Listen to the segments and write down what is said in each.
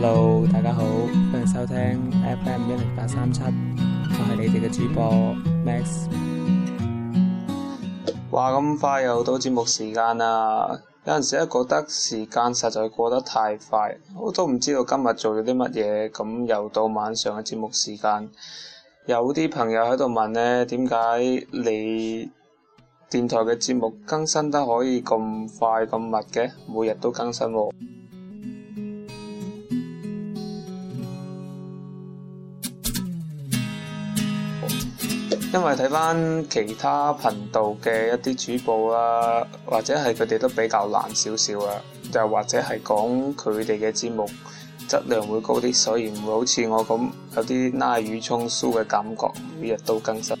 Hello，大家好，歡迎收聽 FM 一零八三七，我係你哋嘅主播 Max。話咁快又到節目時間啦，有陣時覺得時間實在過得太快，我都唔知道今日做咗啲乜嘢。咁、嗯、又到晚上嘅節目時間，有啲朋友喺度問呢，點解你電台嘅節目更新得可以咁快咁密嘅？每日都更新喎。因為睇返其他頻道嘅一啲主播啦、啊，或者係佢哋都比較懶少少啊，又或者係講佢哋嘅節目質量會高啲，所以唔會好似我咁有啲濫竽充數嘅感覺，每日都更新。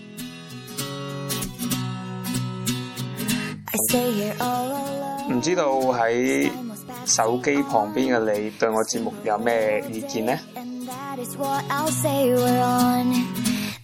唔知道喺手機旁邊嘅你對我節目有咩意見呢？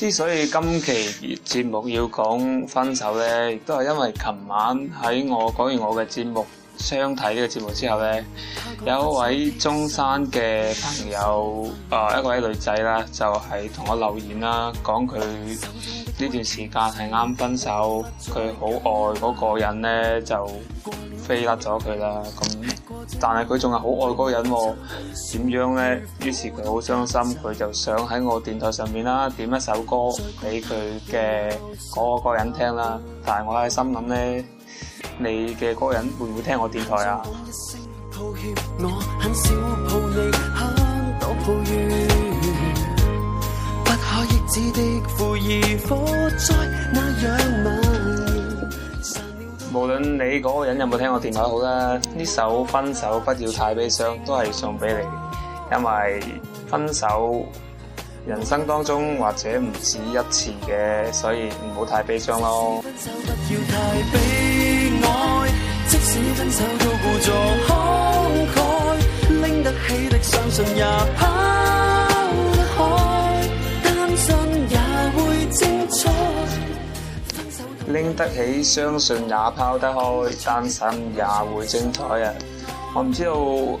之所以今期節目要講分手呢，亦都係因為琴晚喺我講完我嘅節目相睇呢個節目之後呢，有一位中山嘅朋友，啊、呃，一位女仔啦，就係、是、同我留言啦、啊，講佢呢段時間係啱分手，佢好愛嗰個人呢，就，飛甩咗佢啦，咁但係佢仲係好愛嗰個人喎，點樣咧？於是佢好傷心，佢就想喺我電台上面啦，點一首歌俾佢嘅嗰個人聽啦。但係我喺心諗咧，你嘅嗰個人會唔會聽我電台啊？ 無論你嗰個人有冇聽我電話好啦，呢首分手不要太悲傷都係送俾你，因為分手人生當中或者唔止一次嘅，所以唔好太悲傷咯。 拎得起，相信也拋得開，單身也會精彩啊！我唔知道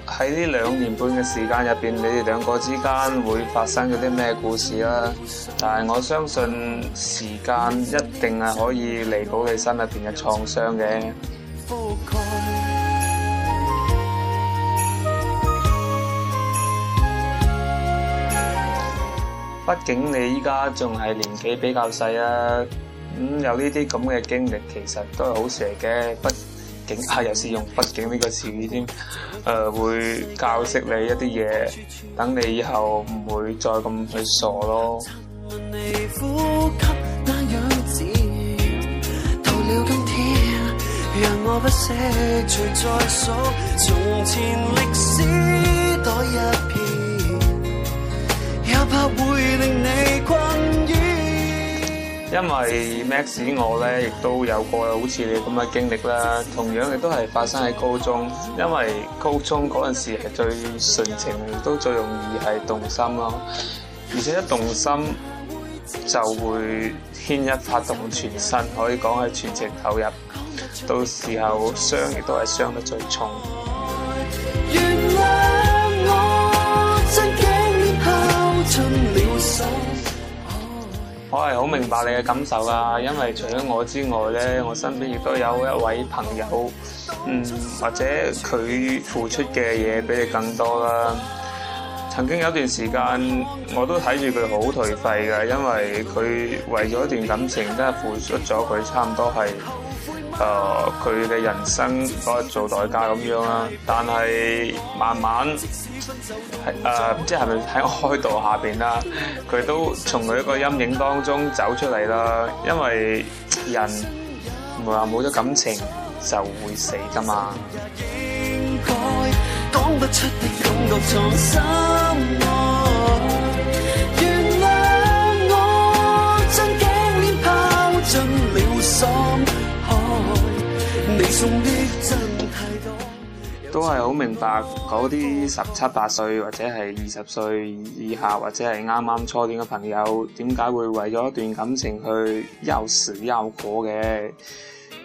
喺呢兩年半嘅時間入邊，你哋兩個之間會發生咗啲咩故事啦。但係我相信時間一定係可以彌補你心入邊嘅創傷嘅。畢竟你依家仲係年紀比較細啊。咁、嗯、有呢啲咁嘅經歷，其實都係好蛇嘅，畢竟，下、啊、又試用畢竟呢個詞語添，誒會教識你一啲嘢，等你以後唔會再咁去傻咯。因為 Max 我呢亦都有過好似你咁嘅經歷啦，同樣亦都係發生喺高中。因為高中嗰陣時係最純情，亦都最容易係動心咯。而且一動心就會牽一發動全身，可以講係全情投入，到時候傷亦都係傷得最重。我係好明白你嘅感受噶，因為除咗我之外呢，我身邊亦都有一位朋友，嗯，或者佢付出嘅嘢比你更多啦。曾經有段時間，我都睇住佢好頹廢嘅，因為佢為咗一段感情真係付出咗佢差唔多係，誒佢嘅人生嗰個做代價咁樣啦。但係慢慢係誒，唔知係咪喺我開導下邊啦，佢都從佢一個陰影當中走出嚟啦。因為人唔係話冇咗感情就會死噶嘛。都係好明白嗰啲十七八歲，或者係二十歲以下，或者係啱啱初戀嘅朋友，點解會為咗一段感情去憂時憂果嘅？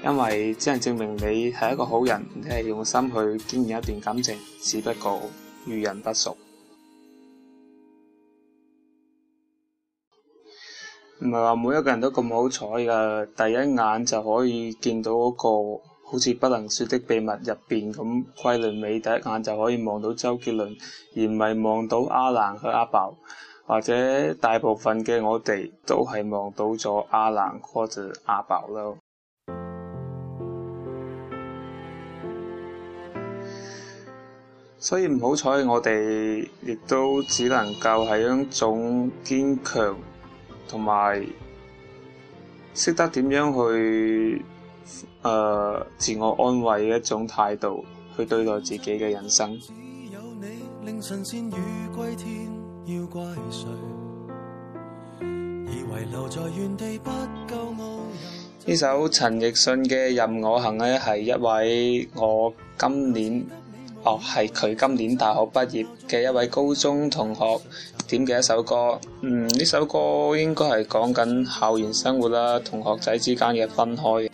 因為只能證明你係一個好人，你係用心去經營一段感情，只不過。遇人不淑，唔係話每一個人都咁好彩㗎。第一眼就可以見到嗰、那個好似不能説的秘密入邊咁，桂綸鎂第一眼就可以望到周杰倫，而唔係望到阿蘭和阿爆，或者大部分嘅我哋都係望到咗阿蘭或者阿爆咯。所以唔好彩，我哋亦都只能夠係一種堅強同埋識得點樣去誒、呃、自我安慰嘅一種態度去對待自己嘅人生。呢首陳奕迅嘅《任我行》咧，係一位我今年。哦，係佢今年大學畢業嘅一位高中同學點嘅一首歌，嗯，呢首歌應該係講緊校園生活啦，同學仔之間嘅分開。誒、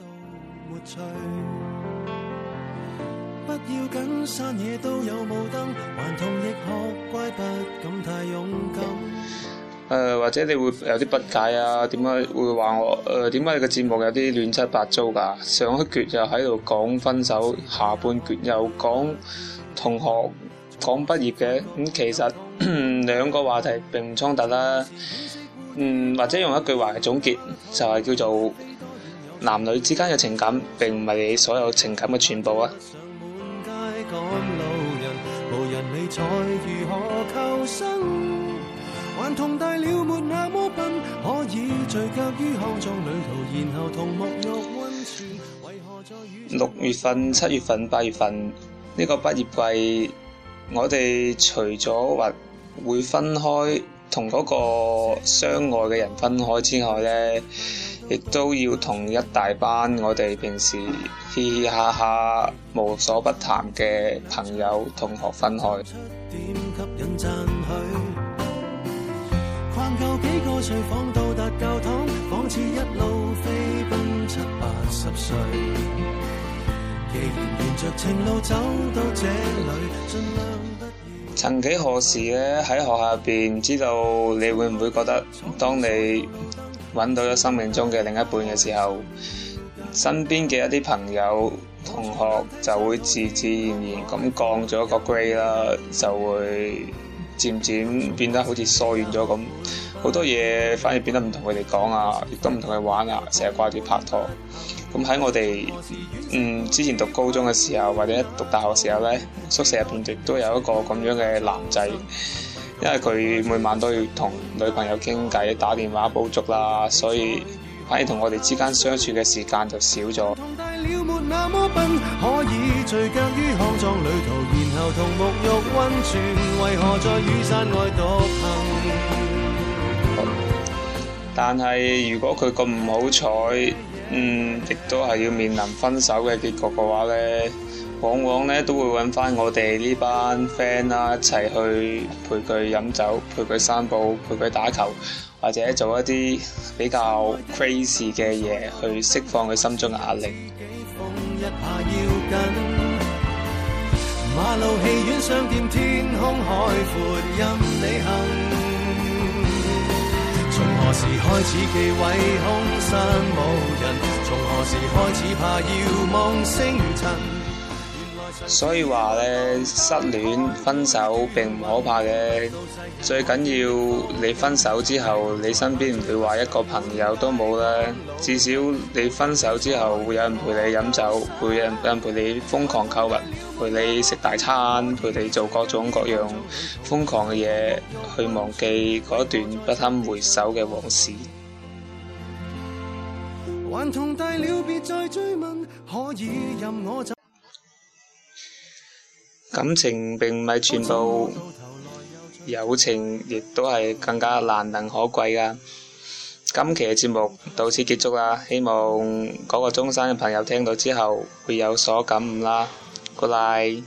嗯，或者你會有啲不解啊？點解會話我？誒、呃，點解你個節目有啲亂七八糟噶？上一橛又喺度講分手，下半橛又講。同學講畢業嘅，咁、嗯、其實兩個話題並唔衝突啦。嗯，或者用一句話嚟總結，就係、是、叫做男女之間嘅情感並唔係你所有情感嘅全部啊。六月份、七月份、八月份。呢個畢業季，我哋除咗話會分開同嗰個相愛嘅人分開之外咧，亦都要同一大班我哋平時嘻嘻哈哈、無所不談嘅朋友同學分開。 曾幾何時咧喺學校入邊，唔知道你會唔會覺得，當你揾到咗生命中嘅另一半嘅時候，身邊嘅一啲朋友同學就會自自然然咁降咗一個 grade 啦，就會漸漸變得好似疏遠咗咁。好多嘢反而變得唔同佢哋講啊，亦都唔同佢玩啊，成日掛住拍拖。咁喺我哋嗯之前讀高中嘅時候，或者讀大學時候呢，宿舍入邊亦都有一個咁樣嘅男仔，因為佢每晚都要同女朋友傾偈、打電話煲粥啦，所以反而同我哋之間相處嘅時間就少咗。 但係如果佢咁唔好彩，嗯，亦都係要面臨分手嘅結局嘅話咧，往往咧都會揾翻我哋呢班 friend 啦，一齊去陪佢飲酒，陪佢散步，陪佢打球，或者做一啲比較 crazy 嘅嘢去釋放佢心中嘅壓力。 何時開始忌諱空山無人？從何時開始怕遙望星辰？所以話咧，失戀分手並唔可怕嘅，最緊要你分手之後，你身邊唔會話一個朋友都冇啦。至少你分手之後會有人陪你飲酒，會有人陪你瘋狂購物，陪你食大餐，陪你做各種各樣瘋狂嘅嘢，去忘記嗰段不堪回首嘅往事。頑童大了，別再追問可以任我走。感情並唔係全部，友情亦都係更加難能可貴㗎。今期嘅節目到此結束啦，希望嗰個中山嘅朋友聽到之後會有所感悟啦，Good night。